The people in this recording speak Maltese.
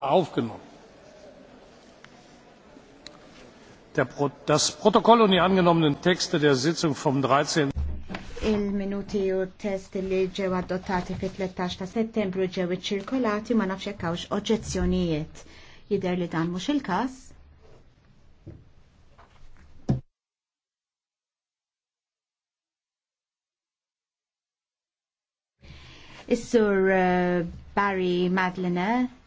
aufgenommen. das Protokoll und die angenommenen Texte der Sitzung vom 13. Il-minuti u test li ġew adottati fit-13 ta' settembru ġew iċ-ċirkolati ma nafx jekkawx oġġezzjonijiet. Jidher li dan mhux il-każ. Is-sur eh, Barry Madlener